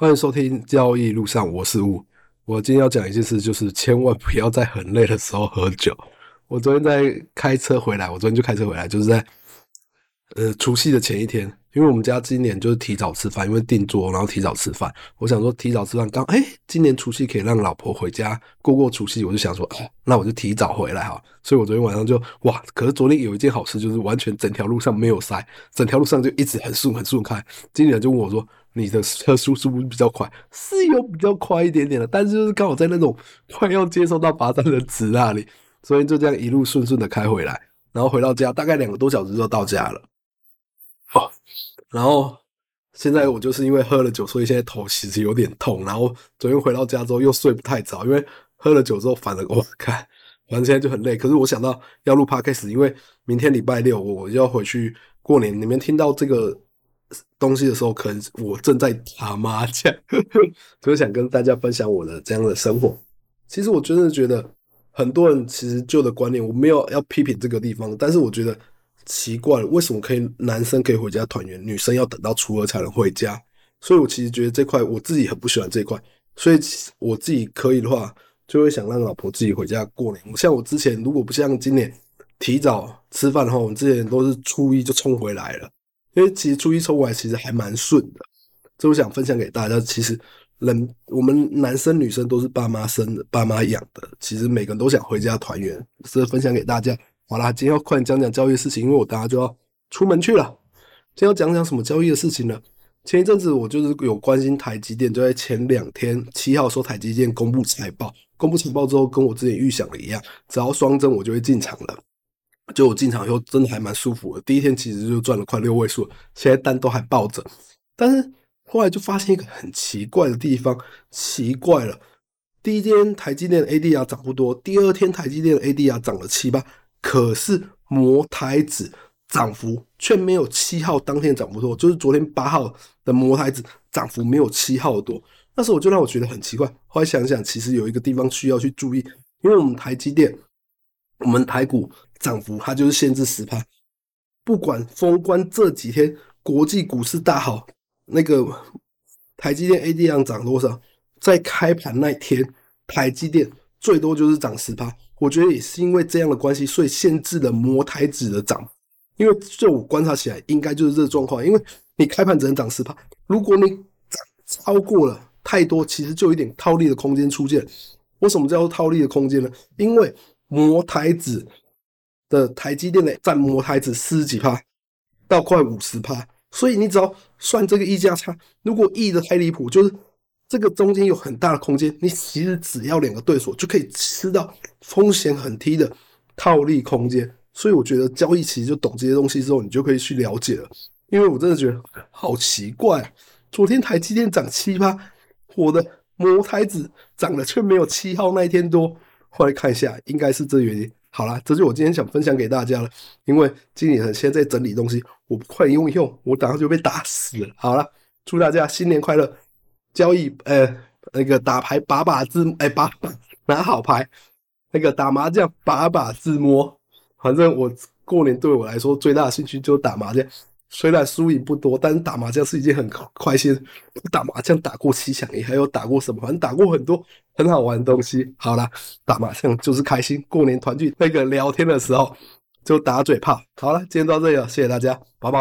歡迎收聽交易路上，我是五。我今天要講一件事，就是千萬不要在很累的時候喝酒。我昨天在開車回來，我昨天就開車回來，就是在。呃，除夕的前一天，因為我們家今年就是提早吃飯，因為訂桌，然後提早吃飯。我想說提早吃飯，剛哎、欸，今年除夕可以讓老婆回家過過除夕，我就想說、哦，那我就提早回來哈。所以我昨天晚上就哇，可是昨天有一件好事，就是完全整條路上沒有塞，整條路上就一直很順很順開。今年就問我說，你的車速是不是比較快？是有比較快一點點的，但是就是剛好在那種快要接收到罰單的值那裡，所以就這樣一路順順的開回來，然後回到家大概兩個多小時就到家了。然後現在我就是因為喝了酒，所以現在頭其實有點痛。然後昨天回到家之後又睡不太着，因為喝了酒之後，反而我看，反正現在就很累。可是我想到要錄 Podcast，因為明天禮拜六我我就要回去過年。你們聽到這個東西的時候，可能我正在打麻將，呵呵，所以想跟大家分享我的這樣的生活。其實我真的覺得，很多人其實舊的觀念，我沒有要批評這個地方，但是我覺得。奇怪，為什麼可以男生可以回家團圓，女生要等到初二才能回家？所以我其實覺得這塊，我自己很不喜歡這塊，所以我自己可以的話，就會想讓老婆自己回家過年。我像我之前，如果不像今年提早吃飯的話，我們之前都是初一就衝回來了，因為其實初一衝回來其實還蠻順的。這我想分享給大家，其實人我們男生女生都是爸媽生的、爸媽養的，其實每個人都想回家團圓，所以分享給大家。好啦，今天要快點講講交易的事情，因為我等下就要出門去了。今天要講講什麼交易的事情呢？前一陣子我就是有關心台積電，就在前兩天七號說台積電公布財報，公布財報之後，跟我之前預想的一樣，只要雙增我就會進場了。就我進場以後，真的還蠻舒服的。第一天其實就賺了快六位數，現在單都還抱着。但是後來就發現一個很奇怪的地方，奇怪了。第一天台積電的 ADR 漲不多，第二天台積電的 ADR 漲了七八。可是摩台指漲幅卻沒有七號當天漲幅多，就是昨天八號的摩台指漲幅沒有七號多。那時候我就讓我覺得很奇怪，後來想想，其實有一個地方需要去注意，因為我們台積電，我們台股漲幅它就是限制十趴，不管封關這幾天國際股市大好，那個台積電 ADR 漲多少，在開盤那一天，台積電最多就是漲十趴。我覺得也是因為這樣的關係，所以限制了摩台指的漲。因為就我觀察起來，應該就是這個狀況。因為你開盤只能漲十趴，如果你漲超過了太多，其實就有一點套利的空間出現。為什麼叫做套利的空間呢？因為摩台指的台積電呢，佔摩台指四十幾趴到快五十趴，所以你只要算這個溢價差，如果溢得太離譜，就是。這個中間有很大的空間，你其實只要兩個對手就可以吃到風險很低的套利空間，所以我覺得交易其實就懂這些東西之後，你就可以去了解了。因為我真的覺得好奇怪啊，昨天台積電漲七趴，我的摩台子漲了卻沒有七號那一天多，後來看一下，應該是這原因。好啦，這就我今天想分享給大家了。因為今年很現在整理東西，我不快用一用，我馬上就被打死了。好了，祝大家新年快樂。交易，呃，那個打牌把把自，哎、欸，把把拿好牌，那個打麻將把把自摸。反正我過年對我來說最大的興趣就是打麻將，雖然輸贏不多，但是打麻將是一件很開心。打麻將打過七搶，也還有打過什麼，反正打過很多很好玩的東西。好啦，打麻將就是開心。過年團聚那個聊天的時候就打嘴炮。好了，今天到這裡了，謝謝大家，拜拜。